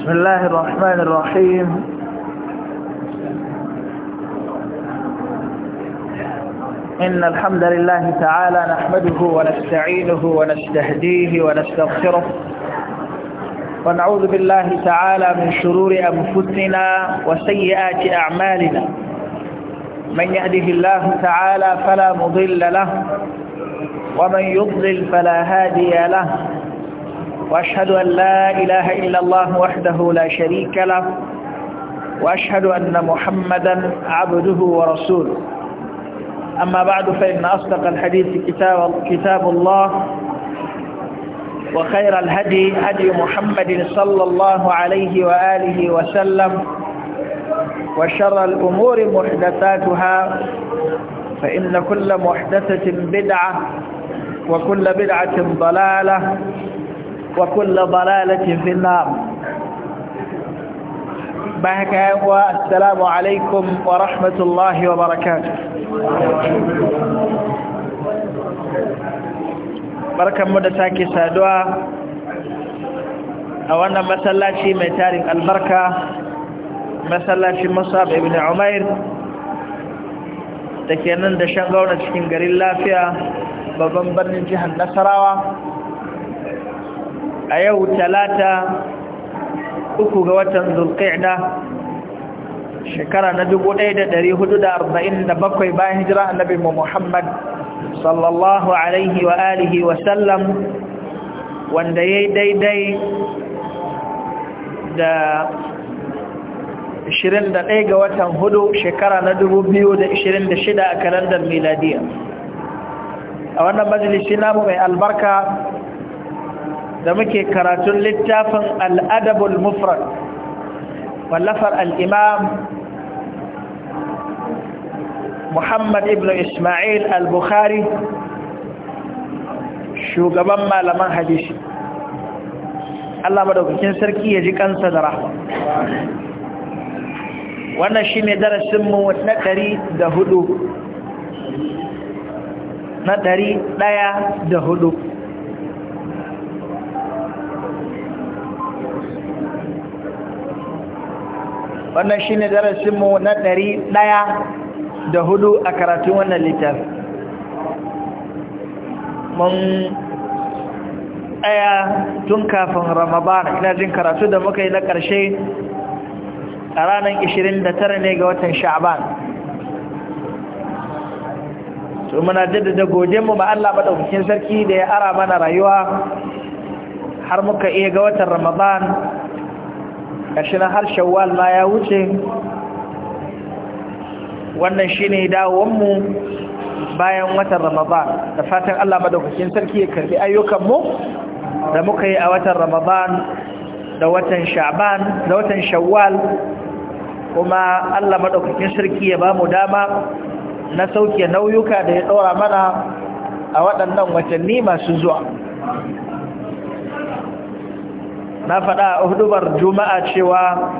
بسم الله الرحمن الرحيم إن الحمد لله تعالى نحمده ونستعينه ونستهديه ونستغفره ونعوذ بالله تعالى من شرور أنفسنا وسيئات أعمالنا من يهده الله تعالى فلا مضل له ومن يضلل فلا هادي له وأشهد أن لا إله إلا الله وحده لا شريك له وأشهد أن محمدا عبده ورسوله أما بعد فإن أصدق الحديث كتاب, كتاب الله وخير الهدي هدي محمد صلى الله عليه وآله وسلم وشر الأمور محدثاتها فإن كل محدثة بدعة وكل بدعة ضلالة وكل ضلالة في النار بحكة والسلام عليكم ورحمة الله وبركاته بركة مدى ساكي سادوا أولا مسألة شيء متارك البركة مسألة شيء مصاب ابن عمير تكينن دشان غونة شكين غريل لافيا ببنبن جهن نصراوة a yau talata uku ga watan zulqa'da shekara na dubu ɗaya da da ɗari hudu arba'in bakwai bayan hijira annabi Muhammad sallallahu alaihi wa alihi wa sallam wanda ya yi daidai da ishirin da ɗaya ga watan hudu shekara na dubu biyu da da shida a kalandar miladiya a wannan majalisi namu mai albarka da muke karatun littafin al'adabul mufrad wallafar al'imam muhammad ibn ismail al-bukhari shugaban malaman hadisi Allah madaukakin sarki ya ji kansa da rahama wannan shi ne darasinmu na ɗari da hudu na ɗari ɗaya da hudu wannan shi shine darasinmu na ɗari ɗaya da hudu a karatun wannan litar. mun tsaya tun kafin ramadan ina jin karatu da muka yi na ƙarshe a ranar 29 ne ga watan sha'aban to muna jaddada mu ba Allah ɗaukakin sarki da ya ara mana rayuwa har muka iya ga watan ramadan gashi na har shawwal ma ya wuce wannan shine mu bayan watan ramadan da fatan Allah madaukakin sarki ya karbi ayyukan mu da muka yi a watan ramadan da watan sha'ban da watan shawwal kuma Allah madaukakin sarki ya bamu dama na sauke nauyuka da ya ɗora mana a waɗannan watanni masu zuwa na faɗa a hudubar juma'a cewa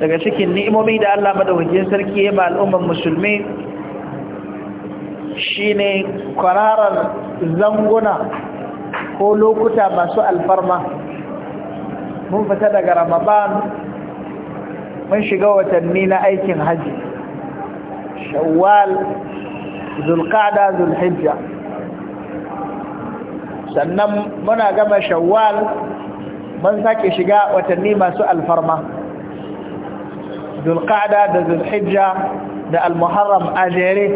daga cikin ni'imomi da Allah madaukakin sarki ya ba al'umman musulmi shine kwararar zanguna ko lokuta masu alfarma mun fita daga ramadan mun shiga watanni na aikin hajji shawwal zulkada zulhijja sannan muna gama shawwal mun sake shiga watanni masu alfarma dulqa'da da zulhijja da almuharram ajere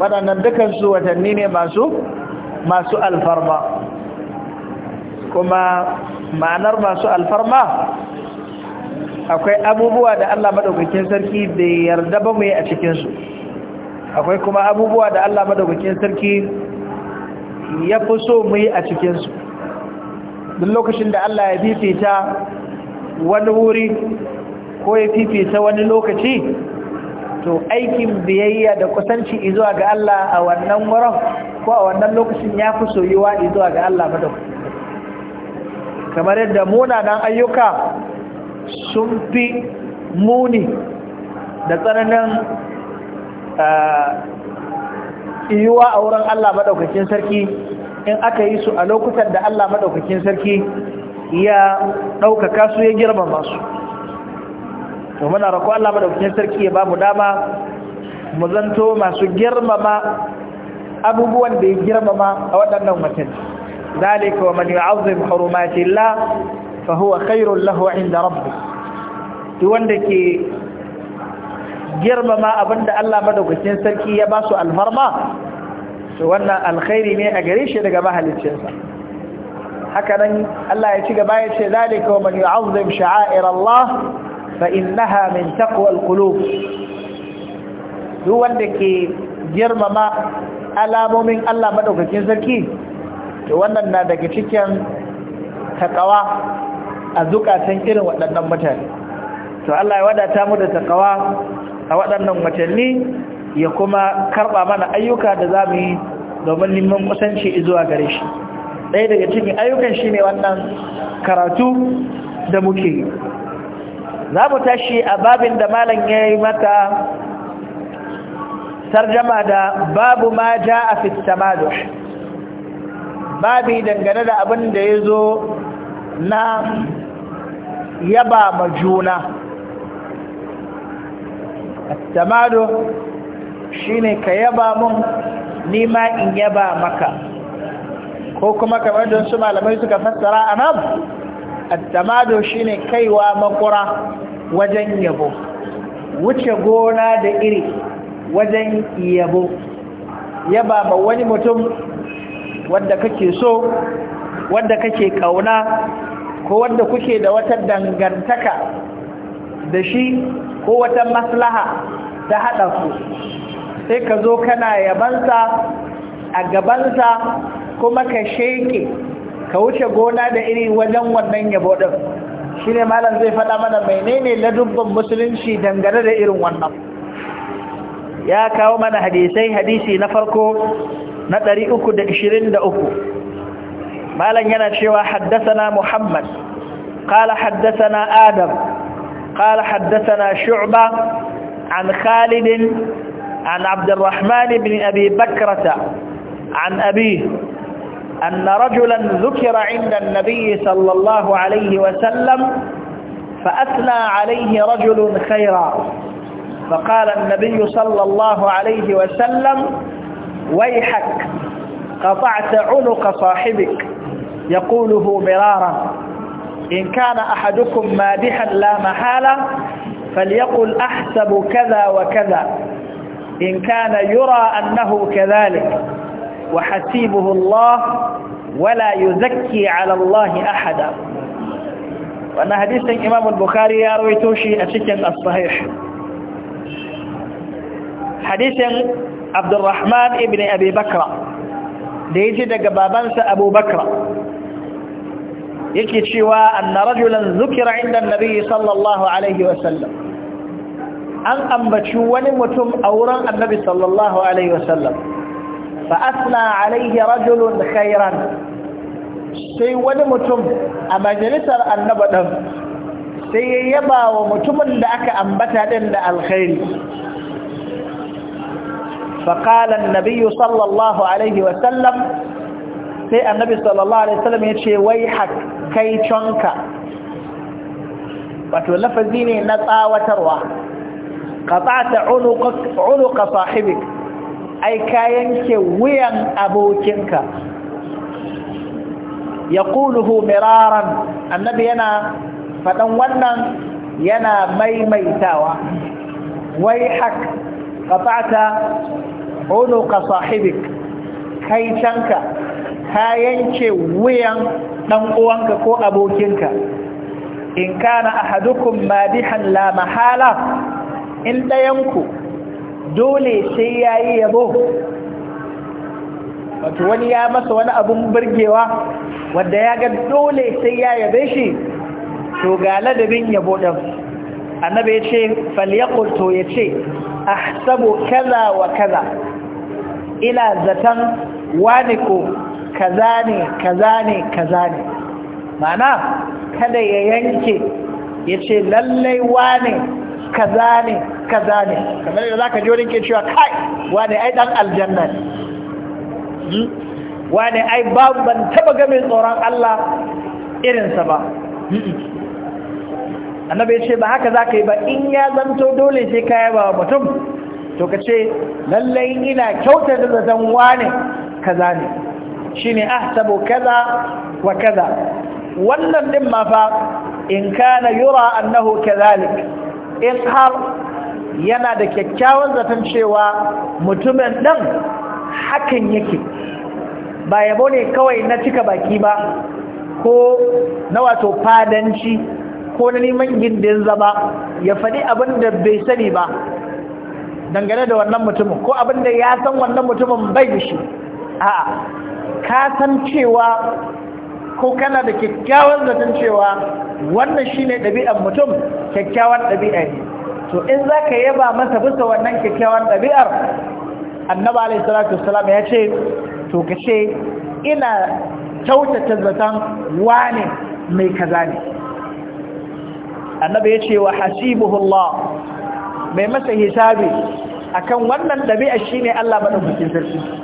waɗannan dukansu watanni ne masu masu alfarma kuma ma'anar masu alfarma akwai abubuwa da Allah madaukakin sarki da yarda ba mu yi a cikinsu akwai kuma abubuwa da Allah madaukakin sarki ya fi so mu yi a cikinsu duk lokacin da Allah ya fifita wani wuri ko ya fifita wani lokaci to aikin biyayya da kusanci izuwa ga Allah a wannan wurin ko a wannan lokacin ya fi so soyuwa izuwa ga Allah kamar yadda munanan ayyuka sun fi muni da tsananin ah, yiwuwa a wurin Allah maɗaukakin sarki in aka yi su a lokutan da Allah maɗaukakin sarki ya ɗaukaka su ya girmama su to muna rako Allah maɗaukakin sarki ya ba mu dama mu zanto masu girmama abubuwan da ya girmama a waɗannan mutum ذلك ومن يعظم حرمات الله فهو خير له عند ربه duk wanda ke girmama abinda Allah madaukakin sarki ya ba su alfarma to wannan alkhairi ne a gare shi daga mahaliccinsa haka nan Allah ya ci gaba ya ce zalika wa man yu'azzim sha'air Allah fa innaha min taqwa alqulub duk wanda ke girmama alamomin Allah madaukakin sarki to wannan na daga cikin takawa a zukatan irin waɗannan mutane to Allah ya wadata mu da takawa a waɗannan watanni ya kuma karɓa mana ayyuka da za mu yi domin neman kusanci zuwa gare shi ɗaya daga cikin ayyukan shi ne wannan karatu da muke yi za mu tashi a babin da malam ya yi mata tarjama da babu ma ja a fittamado babi dangane da abin da ya zo na yaba ma juna tamado shine ka yaba mun ni ma in yaba maka ko kuma kamar don su malamai suka fassara anan Atamado tamado shine kaiwa makura wajen yabo wuce gona da iri wajen yabo yaba ma wani mutum wanda kake so wanda kake kauna ko wanda kuke da wata dangantaka da shi ko wata maslaha ta haɗa su sai ka zo kana yabansa a gabansa kuma ka sheke ka wuce gona da iri wajen wannan yabo ɗin shi ne malam zai faɗa mana menene ladubban musulunci dangane da irin wannan ya kawo mana hadisai hadisi na farko na 323 malam yana cewa haddasa na muhammad haddasa na Adam. قال حدثنا شعبة عن خالد عن عبد الرحمن بن أبي بكرة عن أبيه أن رجلا ذكر عند النبي صلى الله عليه وسلم فأثنى عليه رجل خيرا فقال النبي صلى الله عليه وسلم ويحك قطعت عنق صاحبك يقوله مرارا إن كان أحدكم مادحا لا محالة فليقل أحسب كذا وكذا إن كان يرى أنه كذلك وحسيبه الله ولا يزكي على الله أحدا وأن حديث إمام البخاري يروي توشي أشكا الصحيح حديث عبد الرحمن ابن أبي بكر da ya أبو بكر yake cewa anna rajulan zukira inda annabi sallallahu alaihi wasallam an ambaci wani mutum a wurin annabi sallallahu alaihi wasallam fa asna alaihi rajulun khairan sai wani mutum a majalisar annaba dan sai ya yaba wa mutumin da aka ambata din da alkhairi فقال النبي صلى الله عليه وسلم sai annabi sallallahu alaihi wasallam ya ce wai hak kai conka wato lafazi ne na tsawatarwa qata'ta unuqak unuqa sahibik ai kayan ke wuyan abokinka yaquluhu miraran annabi yana fadan wannan yana maimaitawa wai hak qata'ta unuqa sahibik kai canka ka yanke wuyan dan uwanka ko abokinka in kana ahadukum madihan la mahala in ɗayanku dole sai yayi yabo wato wani ya masa wani abun burgewa wanda ya ga dole sai ya yabe shi to ga ladabin yabo ɗan, annabi ya ce falyaqul to ya ce ahsabu kaza wa kaza ina zaton wani ko kaza ne kaza ne kaza ne mana kada ya yanke ya ce lallai wane kaza ne kaza ne kamar yadda za ka ke cewa kai wane ai dan aljanna ne hmm? wane ai babu ban taba game tsoron Allah irinsa ba hmm? annabi ya ce ba haka za ka yi ba in ya zanto dole sai ka yaba mutum to ka ce lallai ina kyautar da zan wane kaza ne ne ahsabu kaza wa kaza wannan din ma fa in kana yura annahu kadhalik in har yana da kyakkyawan zaton cewa mutumin din hakan yake ba yabo ne kawai na cika baki ba ko na wato fadanci ko na neman gindin zama ya faɗi abin da bai sani ba dangane da wannan mutumin ko abin da ya san wannan mutumin bai shi a'a ka san cewa ko kana da kyakkyawan zaton cewa wannan shi ne ɗabi'an mutum kyakkyawan ɗabi'a ne to in za ka yaba masa bisa wannan kyakkyawan ɗabi'ar annaba alaihi salatu ya ce to ka ce ina kyautata zaton wane mai kaza ne annabi ya ce wa hasibuhullah mai masa hisabi akan wannan ɗabi'a shi ne Allah bikin sarki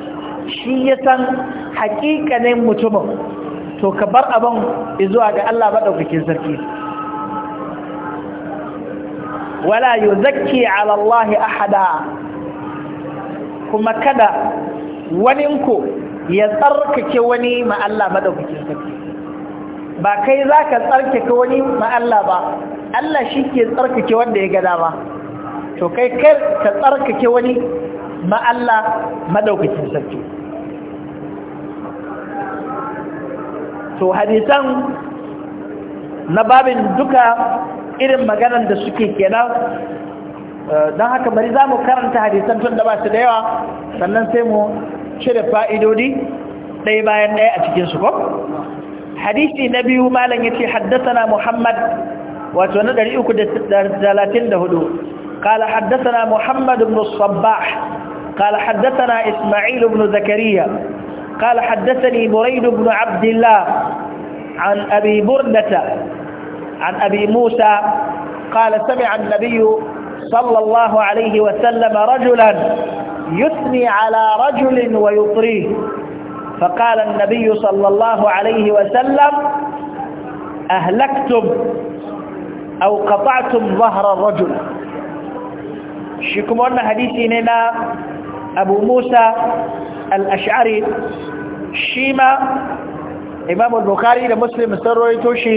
shi ya san hakikanin mutumin to ka bar abin zuwa ga Allah maɗaukakin sarki wala zaki ala Allah ahada kuma kada waninku ya tsarkake wani ma Allah maɗaukakin sarki ba kai za ka tsarkake wani ma Allah ba Allah shi ke tsarkake wanda ya gada ba to kai kai ka tsarkake wani ma Allah maɗaukakin sarki to hadisan na babin duka irin maganan da suke kenan eh, don haka bari za mu karanta hadisan tun da ba su da yawa sannan sai mu cire fa'idodi ɗaya bayan ɗaya a cikinsu ko hadisi na biyu malam ya ce haddasa muhammad wato na 334 na حدثنا محمد بن الصباح قال حدثنا إسماعيل بن زكريا قال حدثني بريد بن عبد الله عن أبي بردة عن أبي موسى قال سمع النبي صلى الله عليه وسلم رجلا يثني على رجل ويطريه فقال النبي صلى الله عليه وسلم أهلكتم أو قطعتم ظهر الرجل شكمون أن حديثي لنا أبو موسى الأشعري شيما imamu bukari da muslim sun rawaito shi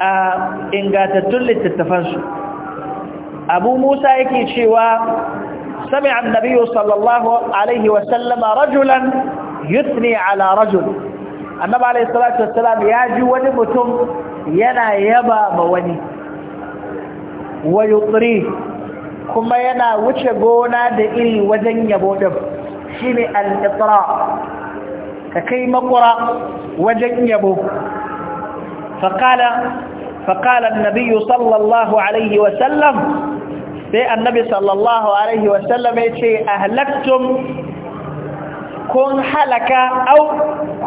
a ingatattun littattafan su abu musa yake cewa sami'a annabiyyu sallallahu alaihi wa sallam rajulan yuthni ala rajul annabi alaihi salatu wassalam ya ji wani mutum yana yaba ma wani wa yutri kuma yana wuce gona da iri wajen yabo din shine al-itra ka kai makura wajen yabo faƙala faƙalar nabiyu sallallahu alaihi wasallam sai annabi sallallahu alaihi wasallam ya ce ahlaktum kun halaka au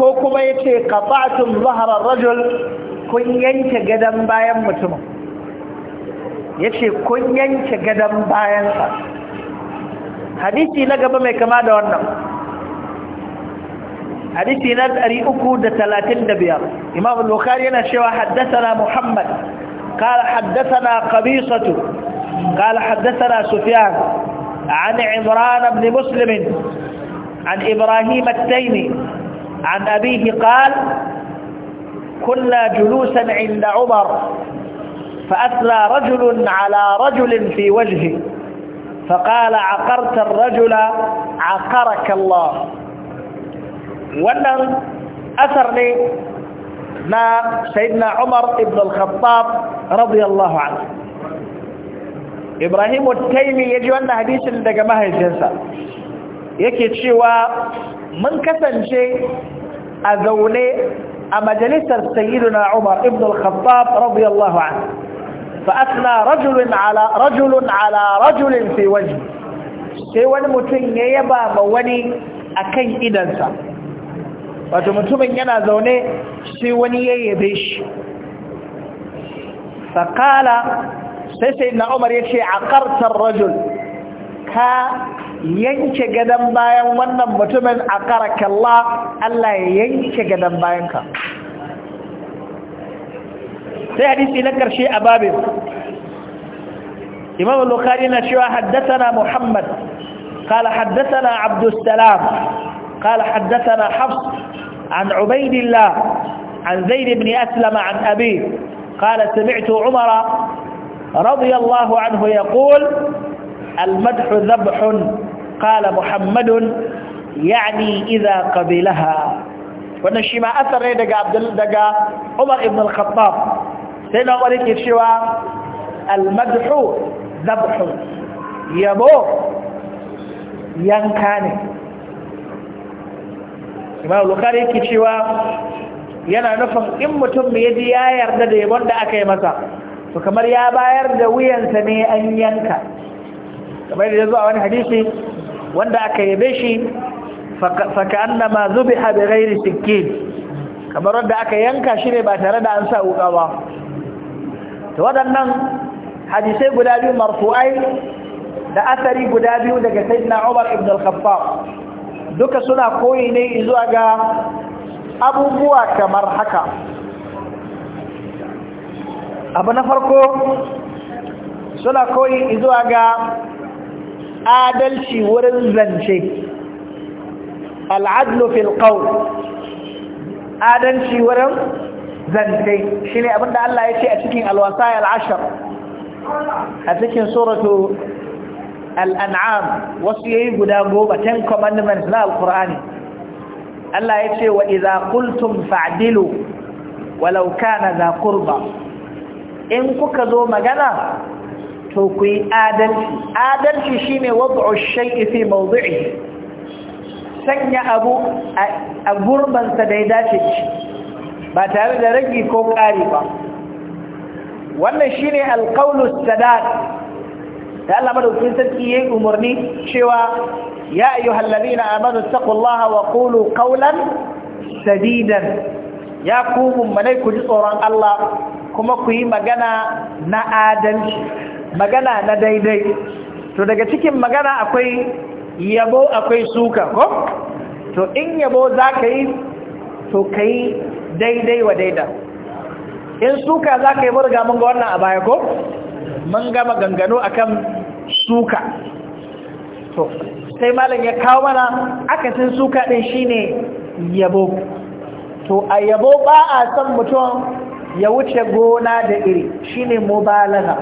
ko kuma ya ce ƙafatun zaharar rajul kun yanke gadon bayan mutumin ya ce kun yanke gadon bayansa hadisi na gaba mai kama da wannan أري أكود تلاتين imam إمام البخاري هنا شوى حدثنا محمد قال حدثنا قبيصة قال حدثنا سفيان عن عمران بن مسلم عن إبراهيم التيمي عن أبيه قال كنا جلوسا عند عمر فأثلى رجل على رجل في وجهه فقال عقرت الرجل عقرك الله wannan asar ne na sayyidina Umar ibn al-Khattab radiyallahu anhu Ibrahim al-Taymi yaji wannan hadisin daga mahaifinsa yake cewa mun kasance a zaune a majalisar sayyidina Umar ibn al-Khattab radiyallahu anhu fa asna rajulun ala rajulun ala rajulin fi wajhi sai wani mutum ya yaba ma wani akan idansa wato mutumin yana zaune sai wani ya yabe shi faƙala sai sai na umar ya ce a ƙartar rajul ka yanke gadon bayan wannan mutumin a ƙarakalla Allah ya yanke gadon bayanka sai hadisi na ƙarshe a babin imam al-bukhari na cewa na muhammad قال حدثنا عبد السلام قال حدثنا حفص عن عبيد الله عن زيد بن أسلم عن أبيه قال سمعت عمر رضي الله عنه يقول المدح ذبح قال محمد يعني إذا قبلها wannan shi ma asar ne daga daga Umar ibn al-Khattab sai na Umar yake cewa imam bukari yake cewa yana nufin in mutum mai yaji ya yarda da yabon da aka yi masa to kamar ya bayar da wuyansa ne an yanka kamar da ya zuwa wani hadisi wanda aka yabe shi faka ma zubiha bi ghairi sikkin kamar wadda aka yanka shi ne ba tare da an sa wuka ba to waɗannan hadisai guda biyu marfu'ai da asari guda biyu daga sayyidina Umar ibn al-Khattab duka suna koyi ne zuwa ga abubuwa kamar haka abu na farko suna koyi zuwa ga adalci wurin zance al'adlu fil qawl adalci wurin zance shine abinda Allah ya ce a cikin alwasaya al'ashar a cikin suratu al'an'am wasu yayi guda goma ten commandments na alqur'ani Allah ya ce wa izakultun qultum fa'dilu walauka na za in kuka zo magana to ku yi adalci adalci shine wad'u shay'i fi mawdi'i sanya abu a gurbansa da ya dace ba tare da ragi ko ƙari ba wannan shine alqawlu sadaq da Allah madaukakin sarki yayin umarni cewa ya ayyuhal ladina amanu taqullaha wa qulu qawlan sadidan ya ku ummai ku ji tsoron Allah kuma ku yi magana na adalci magana na daidai to daga cikin magana akwai yabo akwai suka ko to in yabo za ka yi to ka yi daidai wa daida in suka za ka yi murga mun ga wannan a baya ko mun gama gangano akan suka to sai malam ya kawo mana akasin suka din shine yabo to a yabo ba a san mutum ya wuce gona da iri shine mubalagha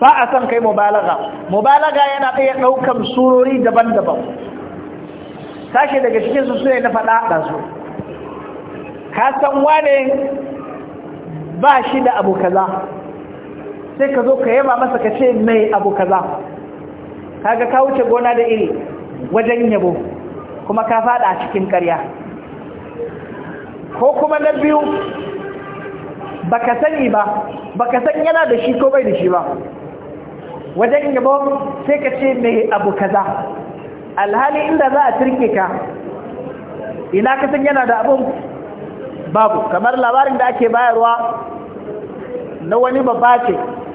ba a san kai mubalagha mubalaga yana iya daukan surori daban-daban sashi daga cikin su sune na faɗa da su ka san wane ba shi da abu kaza sai ka zo ka yaba masa ka ce mai abu kaza kaga ka wuce gona da iri wajen yabo kuma ka fada a cikin ƙarya ko kuma na biyu baka sani ba baka san yana da shi ko bai da shi ba wajen yabo sai ka ce mai abu kaza alhali inda za a turke ka ina ka san yana da abun babu kamar labarin da ake bayarwa na wani babba ce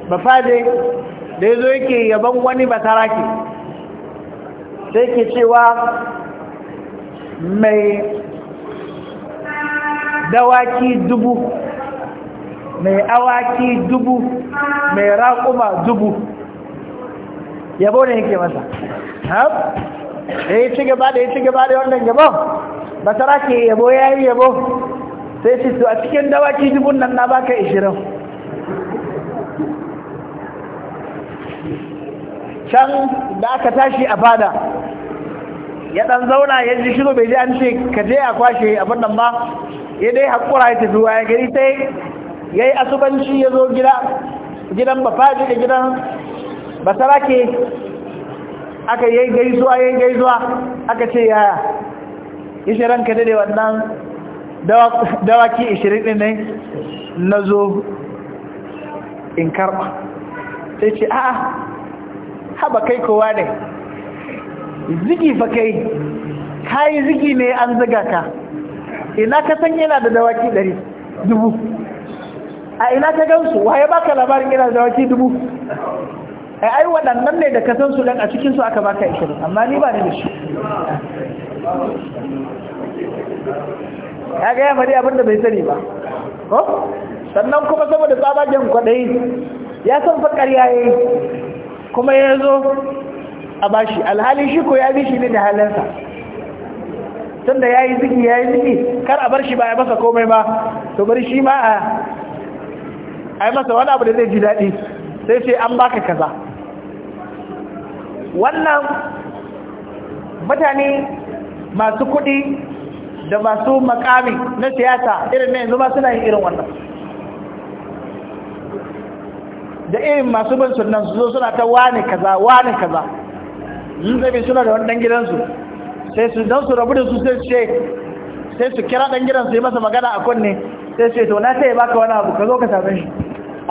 Ba bafaje da ya zo yake yaban wani bataraki sai ke cewa mai dawaki dubu mai awaki dubu mai raƙuma dubu yabo ne yake masa da ya ci gaba da ya ci gaba da wannan yabo bataraki yabo ya yi yabo sai ce su a cikin dawaki dubun nan na baka ishirin can da aka tashi a fada ya dan zauna ya ji shiru bai ji an ce ka je a kwashe abin nan ba ya dai haƙura ya tafi waya gari sai ya yi asubanci ya zo gida gidan faɗi da gidan ba sarake aka yi gaisuwa ya yi gaisuwa aka ce yaya ishe ranka dade wannan dawaki ishirin ɗin ne na zo in karɓa sai ce a'a haba kai kowa ne zigi fa kai ka yi zigi ne an ziga ka ina ka san yana da dawaki ɗari dubu a ina ka gansu waye baka labarin yana da dawaki dubu ai ai waɗannan ne da ka san su dan a cikin su aka baka ishirin amma ni ba ni da shi ya ga ya faɗi abinda bai sani ba ko sannan kuma saboda tsabagen kwaɗayi ya san fa ƙarya yayi kuma ya zo a bashi alhali shi ko ya bi shi ne da halinsa tun da ya yi ziki ya yi ziki kar a bar shi ba ya masa komai ba to bari shi ma a yi masa wani abu da zai ji daɗi sai sai an baka kaza wannan mutane masu kuɗi da masu makami na siyasa irin na yanzu ma suna yin irin wannan da irin masu bin sunan su zo suna ta wani kaza wani kaza sun zabi suna da wani dan sai su dan su rabu da su sai ce sai su kira dan su yi masa magana a kunne sai ce to na sai baka wani abu ka zo ka same shi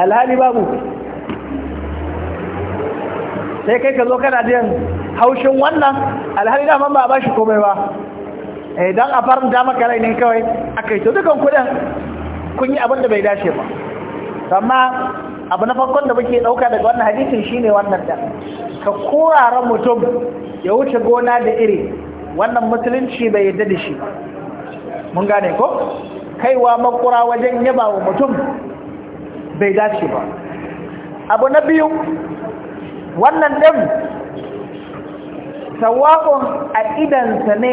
alhali babu sai kai ka zo kana jin haushin wannan alhali da ba a bashi komai ba eh dan a faranta maka rai ne kawai akai to dukan kudin kun yi abin da bai dace ba amma abu na farkon da muke ɗauka daga wannan hadisin shine wannan da ka korara mutum ya wuce gona da iri wannan musulunci bai yadda da shi mun gane ko kaiwa makura wajen yaba wa mutum bai dace ba abu na biyu wannan ɗin sawa'un a idansa ne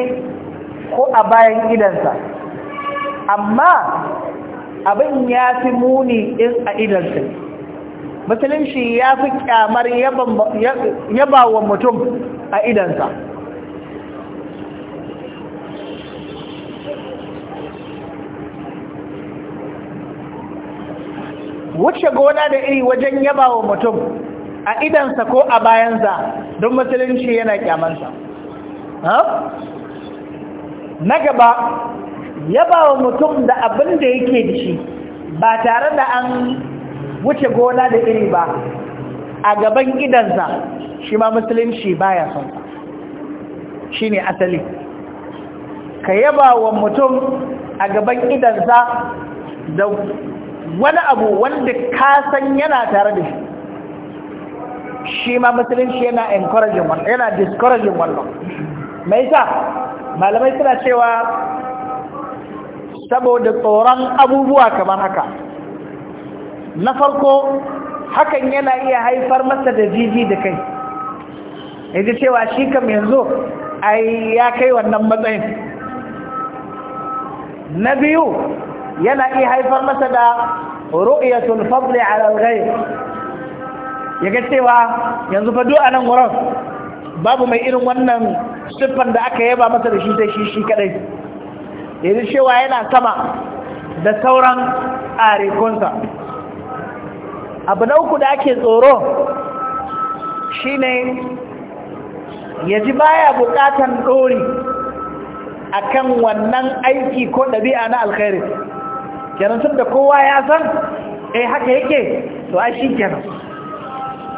ko a bayan idansa amma abin ya fi muni in a idansa ne musulunci ya fi kyamar yaba wa mutum a idansa wuce gona da iri wajen yaba wa mutum a idansa ko a bayansa don musulunci yana kyamansa na gaba yaba wa mutum da abin da yake da shi ba tare da an wuce gona da iri ba a gaban gidansa shi ma musulunci baya son shi ne asali ka yaba wa mutum a gaban gidansa da wani abu wanda ka san yana tare da shi shi ma musulunci yana encouraging wannan yana discouraging wannan mai sa malamai suna cewa saboda tsoron abubuwa kamar haka na farko hakan yana iya haifar masa da jiji da kai yaji cewa shi kam yanzu ai ya kai wannan matsayin na biyu yana iya haifar masa da ru'yatul fadli ala al-ghayr yaga cewa yanzu fa du'a nan wurin babu mai irin wannan siffan da aka yaba masa da shi sai shi shi kadai yanzu cewa yana sama da sauran arekunsa abu na uku da ake tsoro shi ne ya ji baya bukatan dori kan wannan aiki ko ɗabi'a na alkhairi kenan sun da kowa ya san eh haka yake to a shi kenan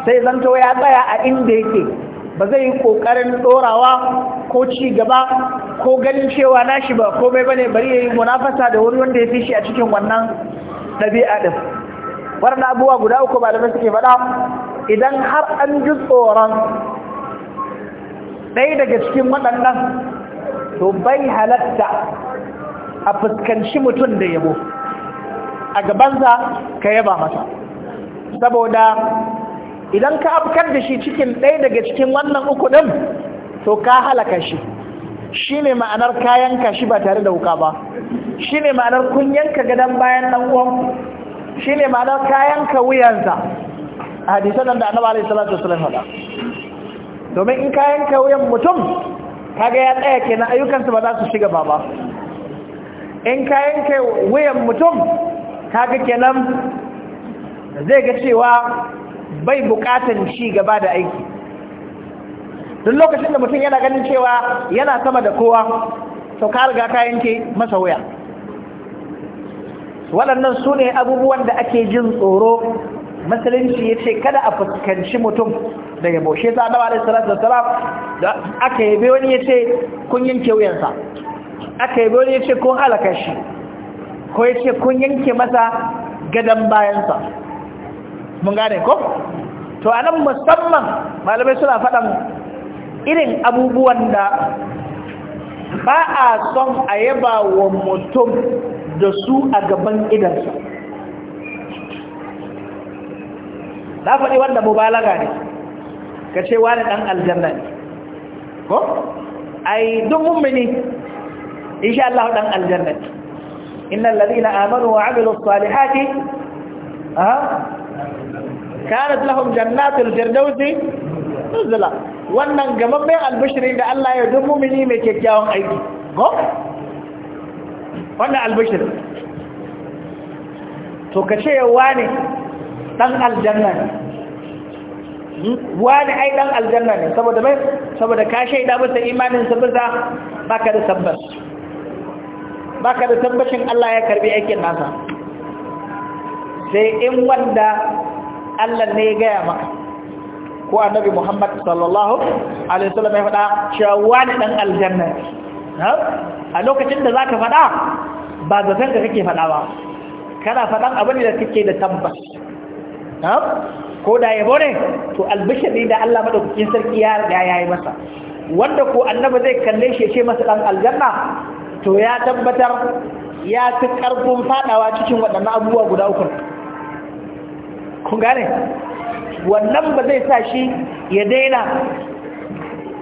sai zanto ya tsaya a inda yake ba zai yi ƙoƙarin dorawa ko ci gaba ko ganin cewa nashi ba komai bane bari ya yi munafasa da wani wanda ya fi shi a cikin wannan ɗabi'a ɗin Warna abubuwa guda uku ba da suke faɗa idan har an ji tsoron ɗaya daga cikin waɗannan to bai halatta a fuskanci mutum da yabo a gabansa ka yaba mata. saboda idan ka afkar da shi cikin ɗaya daga cikin wannan uku ɗin to ka halaka shi shi ne ma'anar kayan kashi ba tare da wuka ba shi ne ma'anar kun yanka gadon bayan ɗan shi ne ma'anar kayan wuyansa a hadisan nan da annaba alaihi salatu wasallam domin in kayan wuyan mutum kaga ya tsaya kenan ayyukansa ba za su shiga ba ba in kayan wuyan mutum kaga kenan zai ga cewa bai bukatan shi gaba da aiki duk lokacin da mutum yana ganin cewa yana sama da kowa to ka riga kayan ke masa wuya waɗannan su ne abubuwan da ake jin tsoro musulunci ya ce kada a fuskanci mutum da ya shi ta adawa da salatu da salam da aka yabe wani ya ce kun yanke wuyansa aka yabe wani ya ce kun halaka shi ko ya ce kun yanke masa gadon bayansa mun gane ko to a nan musamman malamai suna faɗan irin abubuwan da ba a son a yaba wa mutum da su a gaban idansa na faɗi wanda mubalaga ne ka ce wani ɗan aljanna ne ko? ai duk mummini insha Allah ɗan aljanna ne innan lalina amanu wa amilu salihati kanat lahum jannatul firdausi nuzula wannan mai albishiri da Allah ya duk mummini mai kyakkyawan aiki ko? wannan albashir to ka ce ne dan aljanna ne hmm? ne ai dan aljanna ne saboda mai saboda ka shaida masa imanin sa bisa baka da tabbas baka da tabbacin Allah ya karbi aikin nasa sai in wanda Allah ne ya gaya maka ko annabi Muhammad sallallahu alaihi wasallam ya faɗa cewa wani dan aljanna ne a lokacin da za ka faɗa ba zaton da kake faɗa ba kana faɗan abin da kake da tabbas ko da ya ne to albishiri da Allah madaukakin sarki ya riga ya yi masa wanda ko annaba zai kalle shi ce masa dan aljanna to ya tabbatar ya fi karfin fadawa cikin waɗannan abubuwa guda uku kun gane wannan ba zai sa shi ya daina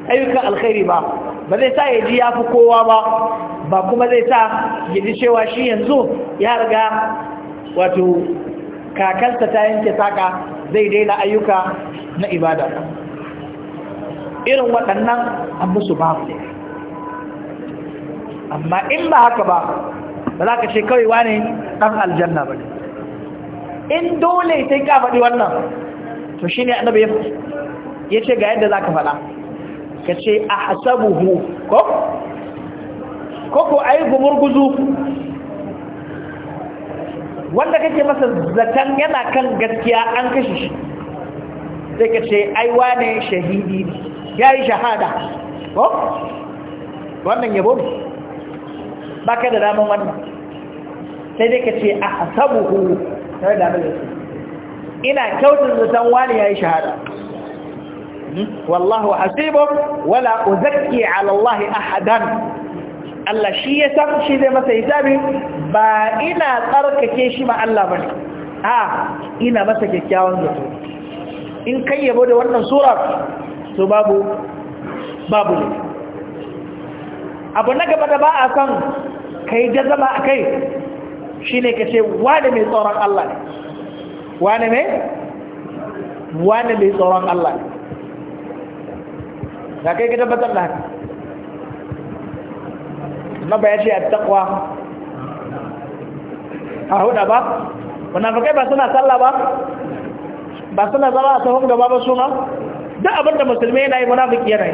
ayyukan alkhairi ba ba zai sa ya ji ya fi kowa ba ba kuma zai sa ya ji cewa shi yanzu ya riga wato kakansa ta yanke saka zai daina ayyuka na ibada irin waɗannan an musu babu amma in ba haka ba ba za ka ce kawai wane ɗan aljanna ba in dole sai ka faɗi wannan to shi ne annabi ya ce ga yadda za ka faɗa ka ce a hasabuhu ko? koko a yi gumurguzu wanda kake masa zaton yana kan gaskiya an kashe shi sai ka ce aiwa ne shahidi ya yi shahada ko? wannan yabo ne ba ka da daman wannan sai dai ka ce a hasabuhu tare da abin ina kyautar zaton wani ya yi shahada wallahu hasibu wala uzakki ala Allah ahadan Allah shi ya san shi zai masa hisabi ba ina tsarkake shi ba Allah bane a ina masa kyakkyawan zato in kai yabo da wannan sura to babu babu ne abu na gaba da ba a san kai jazama a kai shi ne ka tsoron Allah tsoron Allah da kai ka tabbatar da haka na ba ya ce a takwa a huda ba munafikai ba suna sallah ba ba suna zama a sahun gaba ba suna duk abinda musulmi yana yi munafiki yana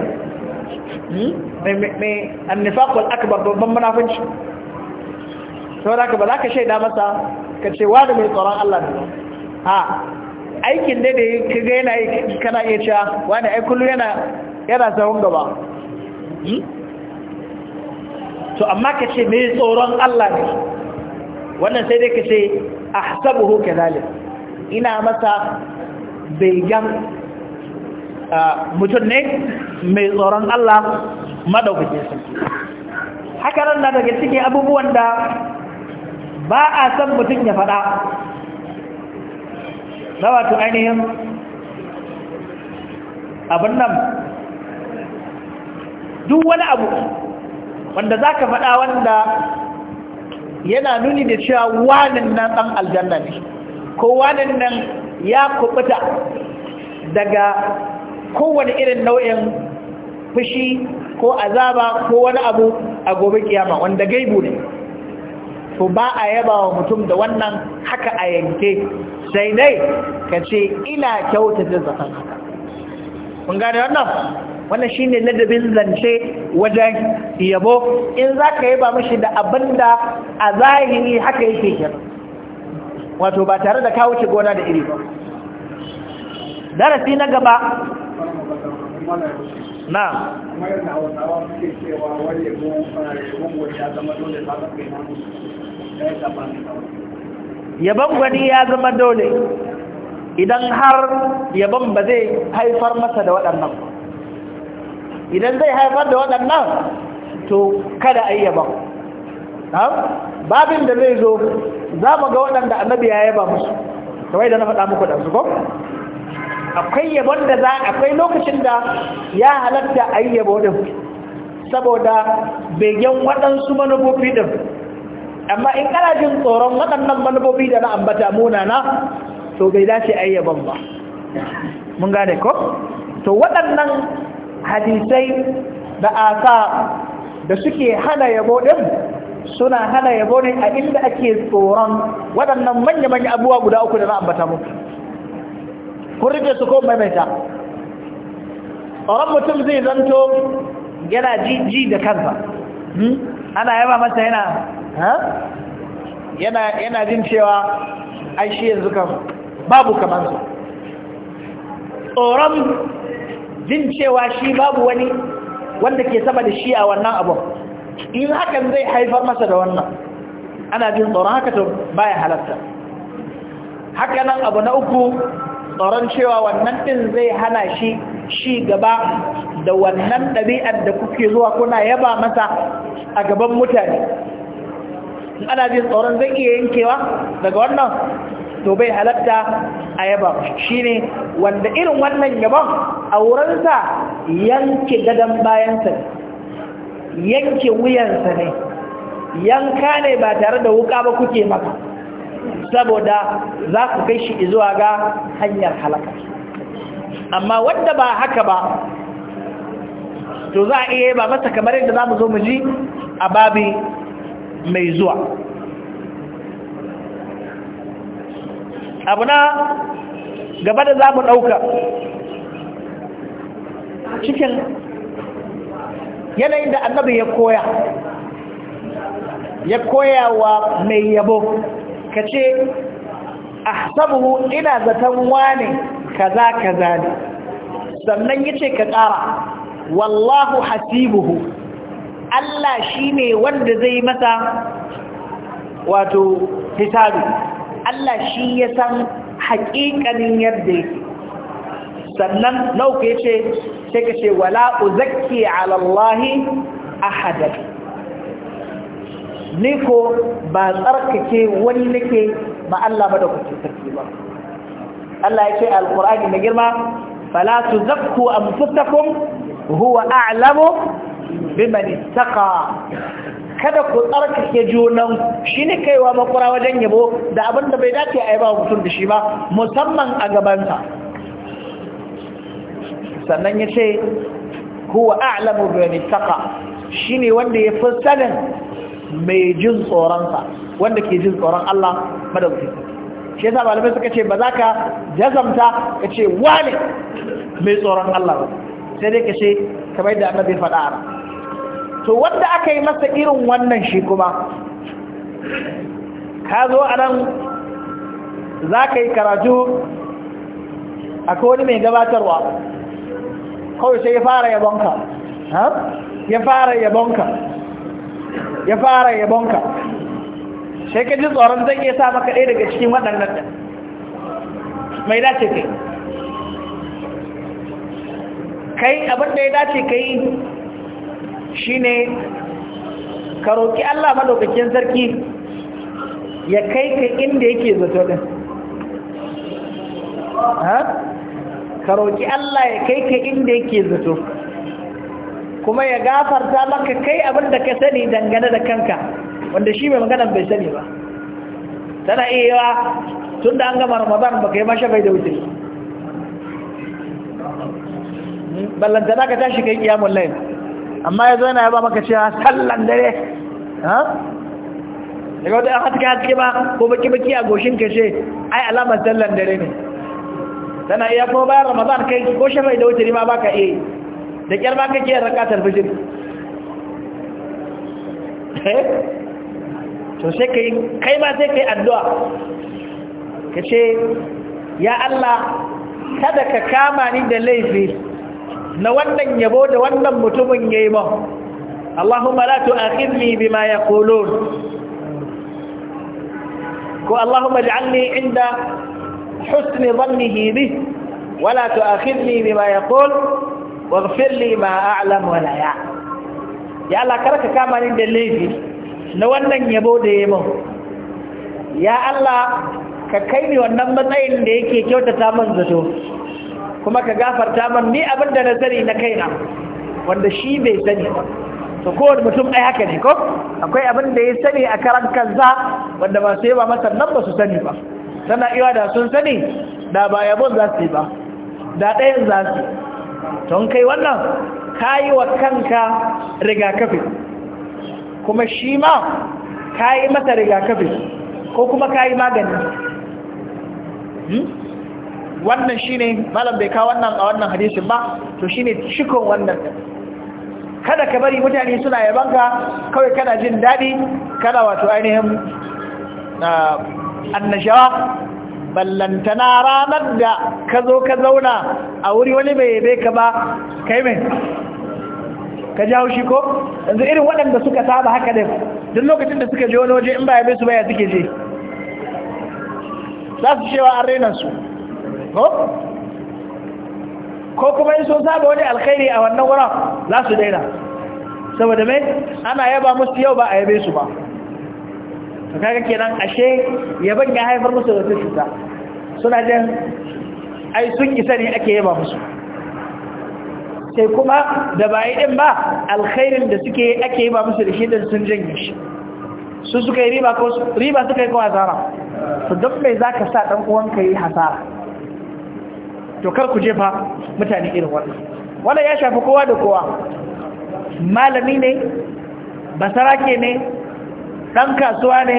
yi hmm? mai annifakul akbar babban munafinci sau da ka ba za ka shaida masa ka ce wani mai tsoron Allah ne ha aikin ne da ka kaga yana yi kana iya cewa wani aikullu yana yana sahun gaba hmm? to amma ka ce mai tsoron Allah ne wannan sai dai ka ce a hasabuhu kadalik ina masa begen mutum ne mai tsoron Allah madaukakin sarki haka nan na daga cikin abubuwan da ba a san mutum ya faɗa na ainihin abin nan duk wani abu wanda za ka faɗa wanda yana nuni da cewa wanin nan ɗan aljanna ne ko wanin nan ya kubuta daga kowane irin nau'in fushi ko azaba ko wani abu a gobe kiyama wanda gaibu ne to ba a yaba wa mutum da wannan haka a yanke sai dai ka ce ina kyautata zaton haka ƙungare wannan wannan shine ladabin zance wajen yabo in za ka yaba mashi da abinda a zahiri haka yake kenan wato ba tare da kawo wuce gona da iri ba darasi na gaba na eh, yaban gwani ya zama dole idan har yaban ba zai haifar masa da waɗannan ba idan zai haifar da waɗannan to kada a yaba babin da zai zo za mu ga waɗanda annabi ya yaba musu kawai da na faɗa muku ɗansu ko akwai yabon da za akwai lokacin da ya halatta a yi yabo ɗin saboda begen waɗansu manufofi ɗin amma in kana jin tsoron waɗannan manufofi da na ambata munana to bai dace a yi yabon ba mun gane ko to waɗannan hadisai da aka da suke hana yabo din suna hana yabo ne a inda ake tsoron waɗannan manya-manya abubuwa guda uku da na ambata muku kun rike su ko maimaita tsoron mutum zai zanto yana ji da kansa hmm? ana yaba masa yana yana jin cewa ai shi yanzu kan babu kamansa tsoron jin cewa shi babu wani wanda ke sama da shi a wannan abun in hakan zai haifar masa da wannan ana jin tsoron haka to baya halatta haka nan abu na uku tsoron cewa wannan ɗin zai hana shi shi gaba da wannan ɗabi'ar da kuke zuwa kuna yaba masa a gaban mutane ana jin tsoron zai iya yankewa daga wannan to bai halatta a yaba shi ne wanda irin wannan yaban a wurinsa yanke gadon bayansa ne yanke wuyansa ne yanka ne ba tare da wuka ba kuke maka saboda za ku kai shi zuwa ga hanyar halaka amma wanda ba haka ba to za a iya ba masa kamar yadda za mu zo mu ji a babi mai zuwa abu na gaba da za mu ɗauka cikin yanayin da annabi ya koya ya koya wa mai yabo ka ce sabu ina zaton wane kaza kaza ne sannan yace ka tsara wallahu hasibuhu Allah shi ne wanda zai masa wato hisabi Allah shi ya san haƙiƙanin yadda yake sannan nauke ce sai ka ce wala uzakki ala Allah ahadan ni ko ba tsarkake wani nake ba Allah ba da kuke sarki ba Allah ya ce alqur'ani mai girma fala tuzakku anfusakum huwa a'lamu biman ittaqa kada ku tsarkake junan shi ne kaiwa makura wajen yabo da abin da bai dace a yi ba mutum da shi ba musamman a gabansa sannan ya ce huwa a'lamu bi taqa ne wanda ya fi sanin mai jin tsoronsa wanda ke jin tsoron Allah madauki shi yasa malamai suka ce ba za ka jazamta ka ce wane mai tsoron Allah sai dai ka ce kamar da annabi faɗa to wanda aka yi masa irin wannan shi kuma ka zo a nan za ka yi karatu a wani mai gabatarwa kawai sai ya fara yabonka ya fara yabonka ya fara yabonka sai ka ji tsoron zai iya sa maka ɗaya daga cikin waɗannan mai dace kai kai abin ya dace kai shine ka roƙi Allah madaukakin sarki ya kai ka inda yake zato din ha ka roƙi Allah ya kai ka inda yake zato kuma ya gafarta maka kai abinda ka sani dangane da kanka wanda shi mai magana bai sani ba tana iya yawa tun da an gama ramadan ba ka yi masha bai da wuce hmm? ballantana ka tashi kai kiyamun laifin amma ya zo yana yaba maka cewa sallan dare ha daga wata haske haske ba ko baki baki a goshin ka ce ai alamar sallan dare ne tana iya kuma bayan ramadan kai ko shafai da wuce ma baka iya da kyar ma kake yin rakatar fijir eh? to sai kai kai ma sai kai addu'a ce ya Allah kada ka kama ni da laifi na wannan yabo da wannan mutumin ya yi mahu? Allahumma la tu'akhidni bima yaqulun ko Allahumma ij'alni 'inda husni dhannihi bi wa la tu'akhidni bima yaqul waghfir li ma a'lam wa la ya ya Allah karka kama ni da laifi na wannan yabo da yayi mahu? ya Allah ka kai ni wannan matsayin da yake kyautata min zato kuma ka gafarta man ni abin da na sani na kaina wanda shi bai sani to kowane mutum ɗaya haka ne ko akwai abin da ya sani a karan kanza wanda ba su yi ba masa nan ba su sani ba sana iya da sun sani da ba yabon za su yi ba da ɗayan za su don kai wannan ka wa kanka rigakafi kuma shi ma ka yi masa rigakafi ko kuma ka magani hmm? wannan shine malam bai kawo wannan a wannan hadisin ba to shine cikon wannan kada ka bari mutane suna yabanka kawai kana jin daɗi kana wato ainihin annashawa ballantana ranar da ka zo ka zauna a wuri wani mai yabe ka ba kai mai ka ji haushi ko yanzu irin waɗanda suka saba haka da duk lokacin da suka je wani waje in ba yabe su baya suke je za su cewa an raina su ko ko kuma in sun saba wani alkhairi a wannan wurin za su daina saboda mai ana yaba musu yau ba a yabe su ba to kaga kenan ashe yaban ya haifar musu da cuta suna jin ai sun isa ne ake yaba musu sai kuma da ba yi din ba alkhairin da suke ake yaba musu da shi din sun jin shi su suka yi riba ko riba suka yi ko hasara to duk mai zaka sa dan uwanka yi hasara to kar ku jefa mutane irin wannan wannan ya shafi kowa da kowa malami ne basarake ne dan kasuwa ne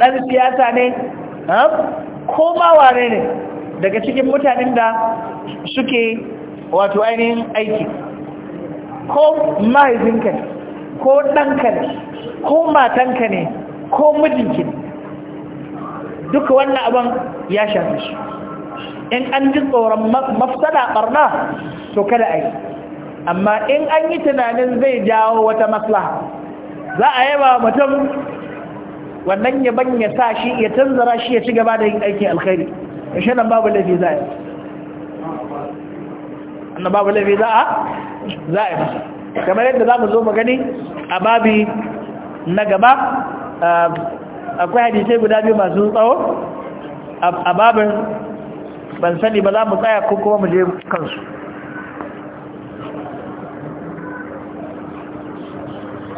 dan siyasa ne eh, ko ma wane ne daga cikin mutanen da suke wato ainihin aiki ko mahaifinka ne ko ɗanka ne ko matanka ne ko mijinki ne duka wannan abin ya shafi shi in an ji tsoron mafsada barna to kada a yi amma in an yi tunanin zai jawo wata maslaha za a yaba mutum wannan yaban ya sa shi ya tanzara shi ya ci gaba da yin aikin alkhairi ya shi nan babu laifi za a yi na babu laifi za a za a yi kamar yadda za mu zo mu gani a babi na gaba eh, akwai hadisai guda biyu masu tsawo a babin ban sani ba za mu tsaya ko kuma mu je kansu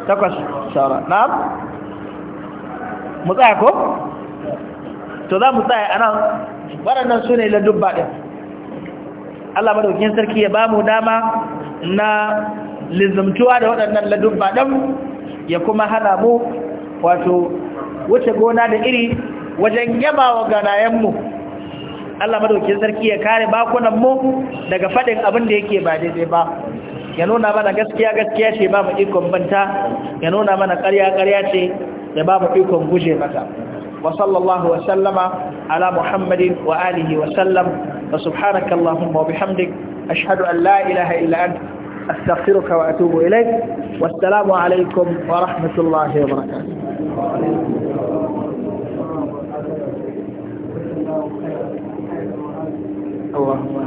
takwas shawara na'am mu tsaya ko to za mu tsaya a nan waɗannan su ne ladubba ɗin Allah maɗaukin sarki ya ba mu dama na lizumtuwa da waɗannan ladubba ɗin ya kuma hana mu wato wuce gona da iri wajen yaba wa ganayenmu Allah madaukakin sarki ya kare bakunan mu daga fadin abin da yake ba daidai ba ya nuna mana gaskiya gaskiya ce ba mu ikon banta ya nuna mana ƙarya ƙarya ce ya ba mu ikon guje mata wa sallallahu wa sallama ala muhammadin wa alihi wa sallam wa subhanaka allahumma wa bihamdik ashhadu an la ilaha illa anta astaghfiruka wa atubu ilaik alaikum wa rahmatullahi wa barakatuh 好啊。